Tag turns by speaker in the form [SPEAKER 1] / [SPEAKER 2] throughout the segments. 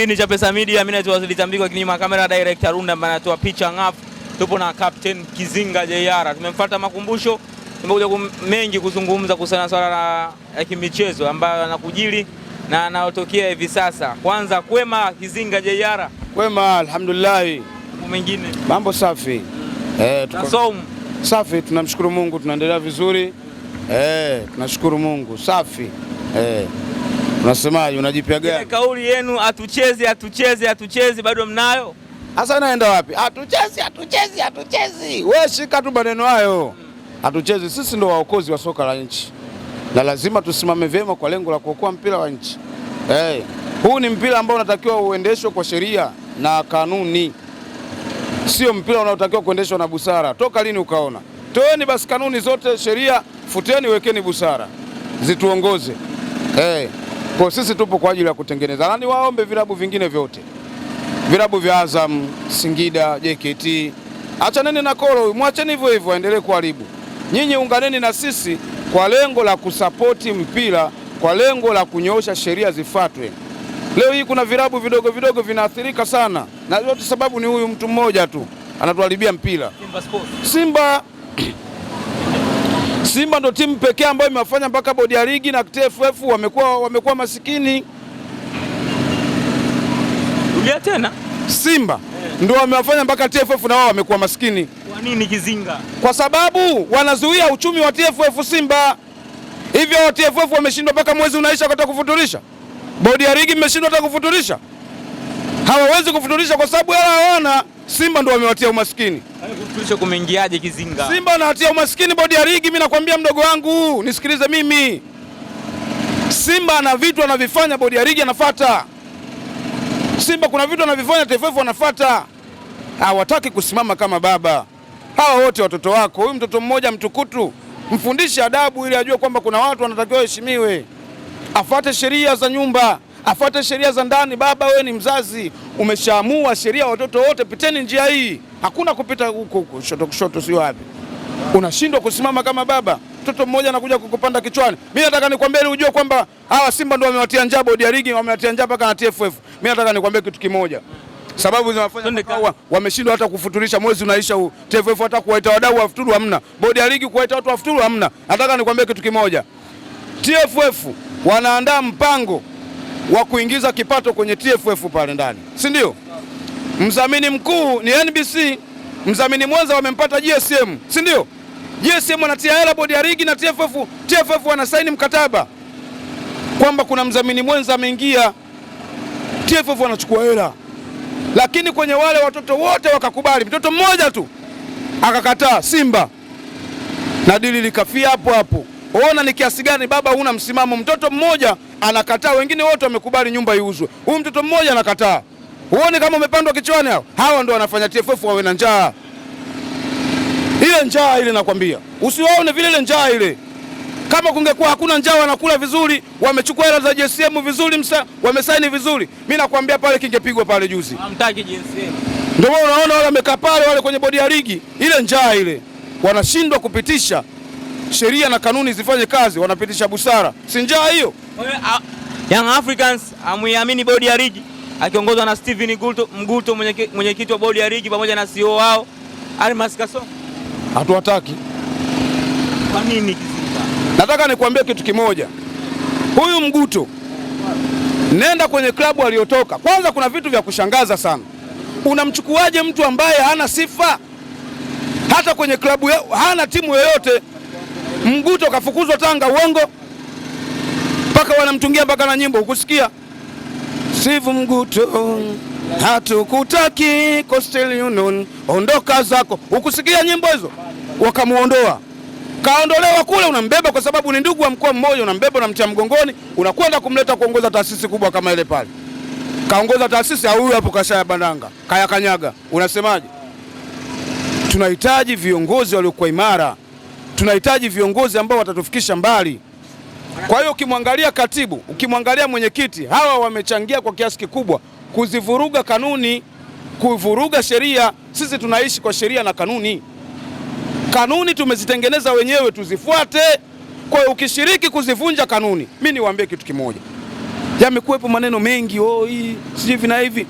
[SPEAKER 1] Kipindi cha Pesa Media, mimi naitwa Wazili Tambiko, kinyuma kamera director Runda ambaye anatoa picha ngafu. Tupo na Captain Kizinga JR. Tumemfuata makumbusho, tumekuja mengi kuzungumza kuhusiana swala la ya kimichezo ambayo anakujili na anayotokea hivi sasa. Kwanza kwema Kizinga JR.
[SPEAKER 2] Kwema alhamdulillah. Mambo mengine. Mambo safi.
[SPEAKER 1] Eh, tuko
[SPEAKER 2] safi, tunamshukuru Mungu tunaendelea vizuri. Eh, tunashukuru Mungu. Safi. Eh. Unasemaje, unajipya gani?
[SPEAKER 1] Kauli yenu hatuchezi hatuchezi hatuchezi bado mnayo?
[SPEAKER 2] Hasa naenda wapi? Atucheze, atucheze, atucheze. Wewe shika tu maneno hayo. Hatuchezi, sisi ndo waokozi wa soka la nchi na lazima tusimame vyema kwa lengo la kuokoa mpira wa nchi. Hey, eh, huu ni mpira ambao unatakiwa uendeshwe kwa sheria na kanuni, sio mpira unaotakiwa kuendeshwa na busara. Toka lini ukaona? Toeni basi kanuni zote, sheria futeni, wekeni busara zituongoze. Hey. Eh. Kwa sisi tupo kwa ajili ya kutengeneza, na niwaombe vilabu vingine vyote, vilabu vya Azam, Singida, JKT, achaneni na kolo huyu, mwacheni hivyo hivyo aendelee kuharibu. Nyinyi unganeni na sisi kwa lengo la kusapoti mpira, kwa lengo la kunyoosha sheria zifuatwe. Leo hii kuna vilabu vidogo vidogo vinaathirika sana, na yote sababu ni huyu mtu mmoja tu anatuharibia mpira
[SPEAKER 1] Simba Sports.
[SPEAKER 2] Simba Simba ndo timu pekee ambayo imewafanya mpaka bodi ya ligi na TFF wamekuwa wamekuwa masikini. Rudia tena. Simba yeah, ndo wamewafanya mpaka TFF na wao wamekuwa masikini.
[SPEAKER 1] Kwa nini kizinga?
[SPEAKER 2] Kwa sababu wanazuia uchumi wa TFF Simba, hivyo TFF wameshindwa mpaka mwezi unaisha kata kufuturisha. Bodi ya ligi imeshindwa hata kufuturisha, hawawezi kufuturisha kwa sababu hela hawana. Simba ndo wamewatia umaskini.
[SPEAKER 1] Kumeingiaje Kizinga? Simba anawatia umaskini bodi ya ligi. Mimi nakwambia mdogo wangu nisikilize mimi, Simba ana vitu anavifanya, bodi ya ligi anafata. Simba kuna vitu anavifanya, TFF wanafata. Hawataki kusimama kama baba hawa wote watoto wako. Huyu mtoto mmoja mtukutu mfundishe adabu, ili ajue kwamba kuna watu wanatakiwa waheshimiwe, afate sheria za nyumba afuate sheria za ndani. Baba, wewe ni mzazi, umeshaamua sheria, watoto wote piteni njia hii, hakuna kupita huko huko kushoto kushoto, sio wapi. Unashindwa kusimama kama baba, mtoto mmoja anakuja kukupanda kichwani. Mimi nataka nikwambie, ujue kwamba hawa Simba ndio wamewatia njaa bodi ya ligi, wamewatia njaa mpaka na TFF. Mimi nataka nikwambie kitu kimoja, sababu zinafanya wameshindwa hata kufuturisha. Mwezi unaisha huu, TFF hata kuwaita wadau wa futuru hamna, bodi ya ligi kuwaita watu wa futuru hamna. Nataka nikwambie kitu kimoja, TFF wanaandaa mpango wa kuingiza kipato kwenye TFF pale ndani, si ndio? Mdhamini mkuu ni NBC, mdhamini mwenza wamempata GSM, si ndio? GSM anatia hela bodi ya ligi na TFF, TFF wanasaini mkataba kwamba kuna mdhamini mwenza ameingia, TFF wanachukua hela, lakini kwenye wale watoto wote wakakubali, mtoto mmoja tu akakataa, Simba, na dili likafia hapo hapo. Ona ni kiasi gani baba huna msimamo. Mtoto mmoja anakataa, wengine wote wamekubali nyumba iuzwe, huyu mtoto mmoja anakataa. Huoni kama umepandwa kichwani? Hao hawa ndio wanafanya TFF wawe na njaa ile njaa ile, nakwambia usiwaone vile, ile njaa ile. Kama kungekuwa hakuna njaa, wanakula vizuri, wamechukua hela za JSM vizuri, msa wamesaini vizuri, mimi nakwambia pale kingepigwa pale juzi. Hamtaki JSM, ndio maana unaona wale wamekaa pale, wale kwenye bodi ya ligi, ile njaa ile, wanashindwa kupitisha sheria na kanuni zifanye kazi, wanapitisha busara, si njaa hiyo. Young Africans amwiamini bodi ya ligi akiongozwa na Steven Mguto, mwenyekiti wa bodi ya ligi pamoja na CEO wao Almas Kasongo. Hatuwataki. Kwa nini?
[SPEAKER 2] Nataka nikuambie kitu kimoja, huyu Mguto, nenda kwenye klabu aliyotoka. Kwanza kuna vitu vya kushangaza sana. Unamchukuaje mtu ambaye hana sifa hata kwenye klabu hana timu yoyote? Mguto kafukuzwa Tanga, uongo? Mpaka wanamtungia mpaka na nyimbo, ukusikia sivu Mguto, hatukutaki Coastal Union, ondoka zako, ukusikia nyimbo hizo? Wakamuondoa, kaondolewa kule, unambeba kwa sababu ni ndugu wa mkoa mmoja, unambeba unamtia mgongoni, unakwenda kumleta kuongoza taasisi kubwa kama ile pale. Kaongoza taasisi au huyu hapo kashaya bandanga kaya kanyaga, unasemaje? Tunahitaji viongozi waliokuwa imara tunahitaji viongozi ambao watatufikisha mbali. Kwa hiyo ukimwangalia katibu, ukimwangalia mwenyekiti, hawa wamechangia kwa kiasi kikubwa kuzivuruga kanuni, kuvuruga sheria. Sisi tunaishi kwa sheria na kanuni. Kanuni tumezitengeneza wenyewe, tuzifuate. Kwa hiyo ukishiriki kuzivunja kanuni, mi niwaambie kitu kimoja, yamekuwepo maneno mengi, oh, hii sijui hivi na hivi.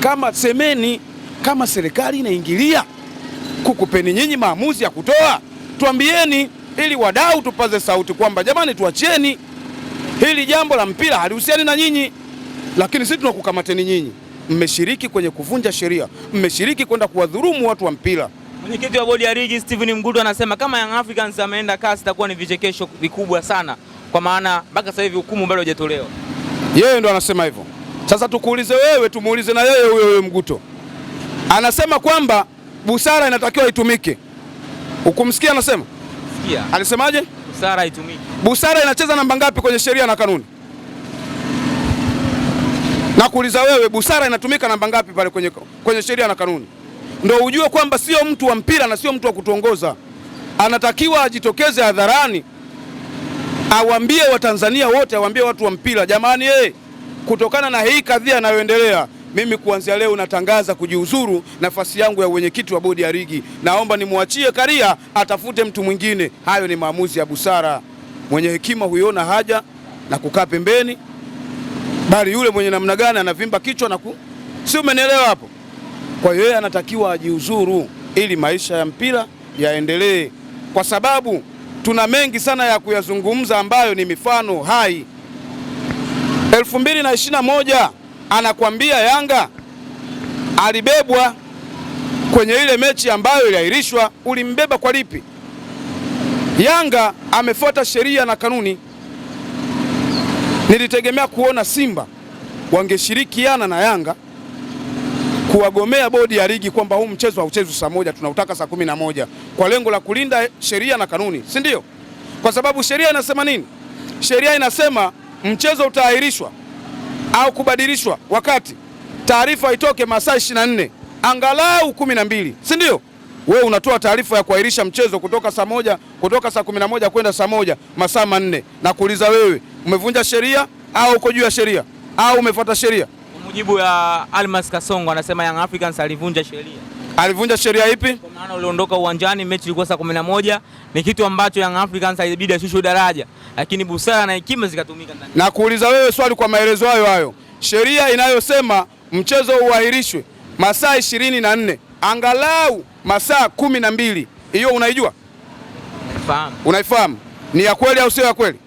[SPEAKER 2] Kama semeni, kama serikali inaingilia kukupeni nyinyi maamuzi ya kutoa tuambieni ili wadau tupaze sauti kwamba jamani, tuachieni hili jambo la mpira halihusiani na nyinyi, lakini sisi tunakukamateni nyinyi, mmeshiriki kwenye kuvunja sheria, mmeshiriki kwenda kuwadhurumu watu wa mpira.
[SPEAKER 1] Mwenyekiti wa bodi ya ligi Steven Mgudu anasema kama Young Africans ameenda kasi itakuwa ni vichekesho vikubwa sana, kwa maana mpaka sasa hivi hukumu bado haijatolewa.
[SPEAKER 2] Yeye ndo anasema hivyo. Sasa tukuulize wewe, tumuulize na yeye huyo huyo Mguto, anasema kwamba busara inatakiwa itumike. Ukumsikia anasema? Sikia. Alisemaje?
[SPEAKER 1] Busara itumiki.
[SPEAKER 2] Busara inacheza namba ngapi kwenye sheria na kanuni? Nakuuliza wewe, busara inatumika namba ngapi pale kwenye, kwenye sheria na kanuni? Ndio ujue kwamba sio mtu wa mpira na sio mtu wa kutuongoza. Anatakiwa ajitokeze hadharani, awaambie Watanzania wote, awaambie watu wa mpira, jamani, hey, eh, kutokana na hii kadhia inayoendelea mimi kuanzia leo natangaza kujiuzuru nafasi yangu ya uwenyekiti wa bodi ya ligi. Naomba nimwachie Karia atafute mtu mwingine. Hayo ni maamuzi ya busara. Mwenye hekima huiona haja na kukaa pembeni, bali yule mwenye namna gani anavimba kichwa na ku... si umenielewa hapo? Kwa hiyo yeye anatakiwa ajiuzuru ili maisha ya mpira yaendelee, kwa sababu tuna mengi sana ya kuyazungumza ambayo ni mifano hai. elfu mbili na ishirini na moja anakwambia Yanga alibebwa kwenye ile mechi ambayo iliahirishwa. Ulimbeba kwa lipi? Yanga amefuata sheria na kanuni. Nilitegemea kuona Simba wangeshirikiana na Yanga kuwagomea bodi ya ligi kwamba huu mchezo hauchezwi saa moja, tunautaka saa kumi na moja kwa lengo la kulinda sheria na kanuni, si ndio? Kwa sababu sheria inasema nini? Sheria inasema mchezo utaahirishwa au kubadilishwa wakati taarifa itoke masaa 24 angalau kumi na mbili, si ndio? Wewe unatoa taarifa ya kuahirisha mchezo kutoka saa moja kutoka saa kumi na moja kwenda saa moja masaa manne, na kuuliza wewe umevunja sheria au uko juu ya sheria au umefuata sheria?
[SPEAKER 1] Mujibu ya Almas Kasongo anasema Young Africans alivunja sheria.
[SPEAKER 2] Alivunja sheria ipi? Kwa
[SPEAKER 1] maana uliondoka uwanjani, mechi ilikuwa saa 11, Ni kitu ambacho Young Africans ilibidi ashushwe daraja, lakini busara na hekima zikatumika ndani.
[SPEAKER 2] Na kuuliza wewe swali kwa maelezo hayo hayo, sheria inayosema mchezo uahirishwe masaa ishirini na nne angalau masaa kumi na mbili hiyo unaijua? Unaifahamu? Unaifahamu? ni ya kweli au sio ya kweli?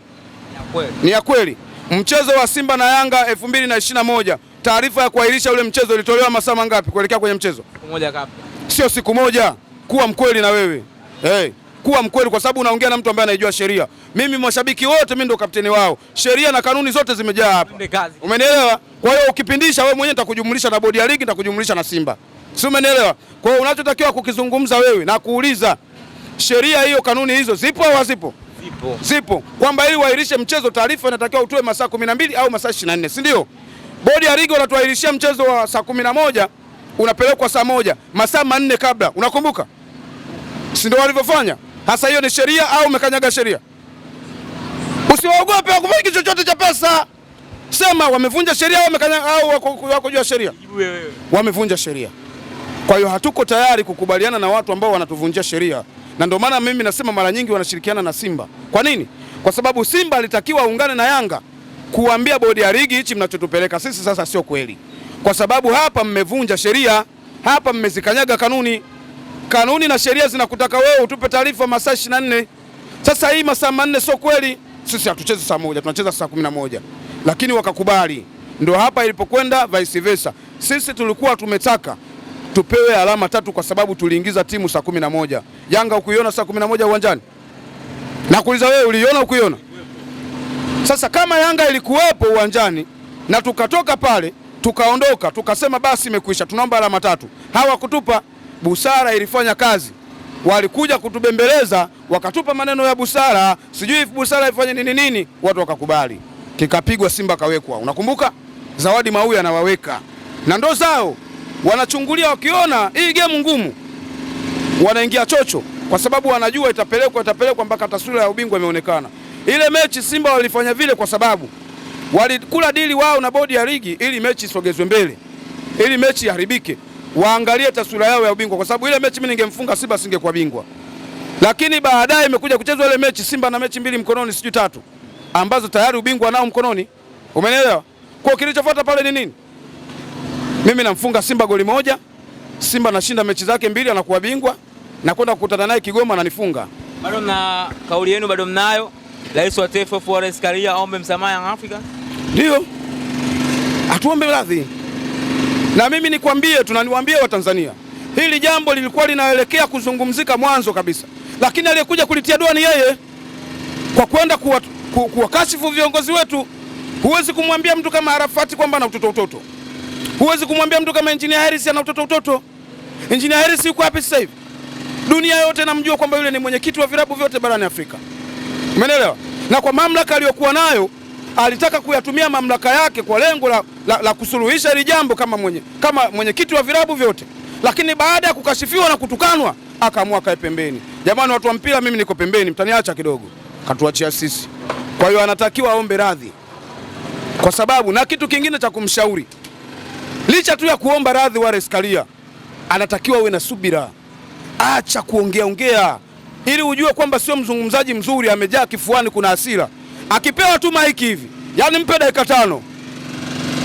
[SPEAKER 2] Ni ya kweli. Mchezo wa Simba na Yanga elfu mbili na ishirini na moja Taarifa ya kuahirisha ule mchezo ilitolewa masaa mangapi kuelekea kwenye mchezo? Siku moja kabla. Sio siku moja. Kuwa mkweli na wewe hey, kuwa mkweli kwa sababu unaongea na mtu ambaye anajua sheria. Mimi mashabiki wote mimi ndo kapteni wao, sheria na kanuni zote zimejaa hapa,
[SPEAKER 1] umenielewa? Kwa hiyo ukipindisha wewe mwenyewe nitakujumlisha na bodi ya ligi, nitakujumlisha na Simba,
[SPEAKER 2] si umenielewa? Kwa hiyo unachotakiwa kukizungumza wewe na kuuliza sheria hiyo, kanuni hizo zipo au hazipo? Zipo, zipo. Kwamba ili uahirishe mchezo, taarifa inatakiwa utoe masaa 12 au masaa 24, si ndio? Bodi ya ligi wanatuahirishia mchezo wa saa kumi na moja unapelekwa saa moja masaa manne kabla, unakumbuka? Si ndio walivyofanya? Hasa hiyo ni sheria au umekanyaga sheria? Usiwaogope wakufanya kitu chochote cha pesa. Sema wamevunja sheria au wamekanyaga au wako juu ya sheria? Wamevunja sheria. Kwa hiyo hatuko tayari kukubaliana na watu ambao wanatuvunjia sheria, na ndio maana mimi nasema mara nyingi wanashirikiana na Simba. Kwa nini? Kwa sababu Simba alitakiwa aungane na Yanga kuambia bodi ya ligi hichi mnachotupeleka sisi sasa sio kweli, kwa sababu hapa mmevunja sheria, hapa mmezikanyaga kanuni. Kanuni na sheria zinakutaka wewe utupe taarifa masaa 24. Sasa hii masaa manne sio kweli, sisi hatuchezi saa moja, tunacheza saa moja, lakini wakakubali. Ndio hapa ilipokwenda vice versa. Sisi tulikuwa tumetaka tupewe alama tatu kwa sababu tuliingiza timu saa moja. Yanga ukuiona saa moja uwanjani? Nakuuliza wewe uliiona ukuiona? Sasa kama Yanga ilikuwepo uwanjani na tukatoka pale tukaondoka tukasema basi imekwisha, tunaomba alama tatu, hawakutupa. Busara ilifanya kazi, walikuja kutubembeleza, wakatupa maneno ya busara, sijui busara ifanye nini nini, watu wakakubali, kikapigwa Simba kawekwa. Unakumbuka Zawadi Mauya anawaweka na ndo zao wanachungulia, wakiona hii gemu ngumu wanaingia chocho, kwa sababu wanajua itapelekwa itapelekwa mpaka taswira ya ubingwa imeonekana. Ile mechi Simba walifanya vile kwa sababu walikula dili wao na bodi ya ligi ili mechi isogezwe mbele, ili mechi iharibike, waangalie taswira yao ya ubingwa, kwa sababu ile mechi mimi ningemfunga Simba singekuwa bingwa. Lakini baadaye imekuja kuchezwa ile mechi, Simba na mechi mbili mkononi, sijui tatu, ambazo tayari ubingwa nao mkononi. Umeelewa? Kwa kilichofuata pale ni nini? Mimi namfunga Simba goli moja, Simba nashinda mechi zake mbili, anakuwa bingwa, nakwenda kukutana naye Kigoma, ananifunga.
[SPEAKER 1] Bado na kauli yenu bado mnayo? Rais wa Taifa Forest Karia aombe msamaha Young Africa?
[SPEAKER 2] Ndio. Atuombe radhi. Na mimi nikwambie, tunaniwaambia Watanzania, hili jambo lilikuwa linaelekea kuzungumzika mwanzo kabisa, lakini aliyekuja kulitia doa ni yeye kwa kwenda kuwakashifu kuwa viongozi wetu. Huwezi kumwambia mtu kama Arafati kwamba ana utoto utoto, huwezi kumwambia mtu kama Engineer Harris ana utoto utoto. Engineer Harris yuko wapi sasa hivi? Dunia yote namjua kwamba yule ni mwenyekiti wa virabu vyote barani Afrika. Umeelewa? Na kwa mamlaka aliyokuwa nayo alitaka kuyatumia mamlaka yake kwa lengo la, la, la kusuluhisha hili jambo kama mwenye kama mwenyekiti wa vilabu vyote, lakini baada ya kukashifiwa na kutukanwa akaamua kae pembeni. Jamani watu wa mpira, mimi niko pembeni, mtaniacha kidogo. Katuachia sisi. Kwa hiyo anatakiwa aombe radhi, kwa sababu na kitu kingine cha kumshauri, licha tu ya kuomba radhi Wallace Karia, anatakiwa awe na subira, acha kuongea ongea ili ujue kwamba sio mzungumzaji mzuri, amejaa kifuani, kuna hasira. Akipewa tu maiki hivi, yani mpe dakika tano,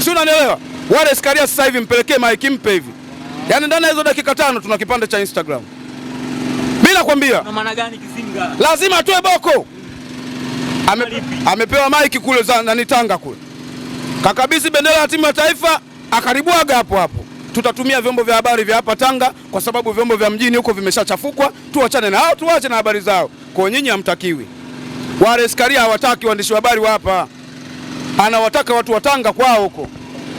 [SPEAKER 2] si unanielewa? Wale Iskaria sasa hivi mpelekee maiki, mpe hivi, yani ndani hizo dakika tano tuna kipande cha Instagram Mimi nakwambia
[SPEAKER 1] maana gani kizinga,
[SPEAKER 2] lazima atoe boko. Ame, amepewa maiki kule za nani Tanga kule, kakabidhi bendera ya timu ya taifa, akaribuaga hapo hapo tutatumia vyombo vya habari vya hapa Tanga kwa sababu vyombo vya mjini huko vimeshachafukwa. Tuachane na hao, tuache na habari zao. Kwa nyinyi hamtakiwi, askari hawataki waandishi wa habari wa hapa, anawataka watu wa Tanga kwao huko.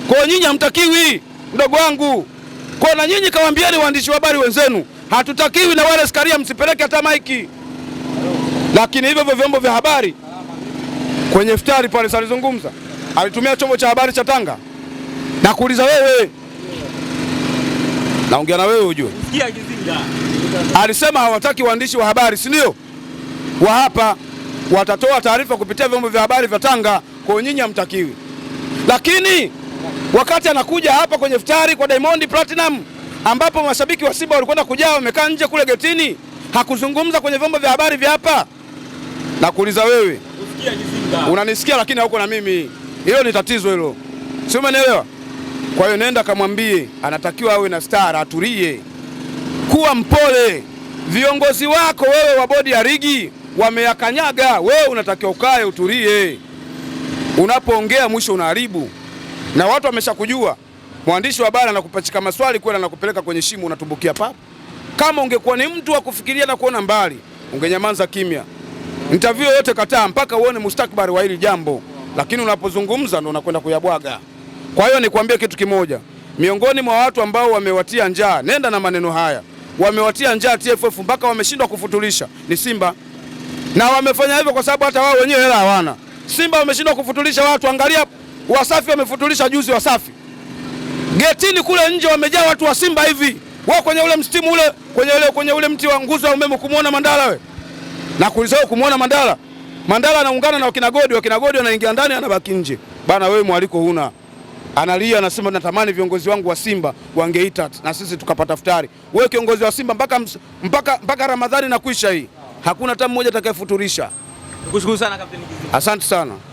[SPEAKER 2] Kwa nyinyi hamtakiwi, mdogo wangu. Kwa na nyinyi kawaambieni waandishi wa habari wenzenu, hatutakiwi na askari, msipeleke hata maiki. Lakini hivyo hivyo vyombo vya habari, kwenye iftari pale salizungumza, alitumia chombo cha habari cha Tanga na kuuliza wewe naongea na wewe ujue. Alisema hawataki waandishi wa habari, si ndio? Wa hapa watatoa taarifa kupitia vyombo vya habari vya Tanga, kwa nyinyi hamtakiwi. Lakini wakati anakuja hapa kwenye ftari kwa Diamond Platinum, ambapo mashabiki wa Simba walikwenda kujaa wamekaa nje kule getini, hakuzungumza kwenye vyombo vya habari vya hapa. Nakuuliza wewe, unanisikia? Lakini hauko na mimi, hilo ni tatizo hilo, si umenielewa? Kwa hiyo nenda kamwambie, anatakiwa awe na stara, atulie, kuwa mpole. Viongozi wako wewe wa bodi ya ligi wameyakanyaga, wewe unatakiwa ukae utulie. Unapoongea mwisho unaharibu, na watu wameshakujua. Mwandishi wa habari anakupachika maswali kwenda, anakupeleka kwenye shimo, unatumbukia papo. Kama ungekuwa ni mtu wa kufikiria na kuona mbali, ungenyamaza kimya. Interview yote kataa mpaka uone mustakbari wa hili jambo, lakini unapozungumza ndo unakwenda kuyabwaga. Kwa hiyo nikwambie kitu kimoja, miongoni mwa watu ambao wamewatia njaa, nenda na maneno haya, wamewatia njaa TFF mpaka wameshindwa kufutulisha ni Simba, na wamefanya hivyo kwa sababu hata wao wenyewe hela hawana. Simba wameshindwa kufutulisha watu, angalia Wasafi wamefutulisha juzi. Wasafi getini kule nje wamejaa watu wa Simba hivi wao kwenye ule mstimu ule kwenye ule, kwenye ule mti wa nguzo wa umeme kumuona Mandala we na kulisao kumuona Mandala. Mandala anaungana na wakina Godi, wakina Godi wanaingia ndani, anabaki nje bana. Wewe mwaliko huna analia anasema, natamani viongozi wangu wa Simba wangeita na sisi tukapata futari. Wewe kiongozi wa Simba mpaka, mpaka, mpaka Ramadhani na kuisha hii hakuna hata mmoja atakayefuturisha. Asante sana.